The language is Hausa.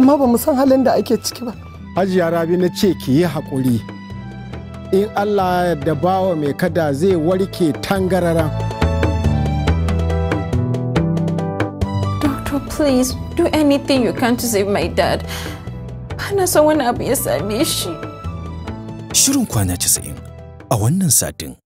amma ba san halin da ake ciki ba hajiya rabi na ce ki yi haƙuri in allah da bawa mai kada zai warke tangararan doctor please do anything you can to save my dad ana son wani abu ya same shi shirin kwana 90 a wannan satin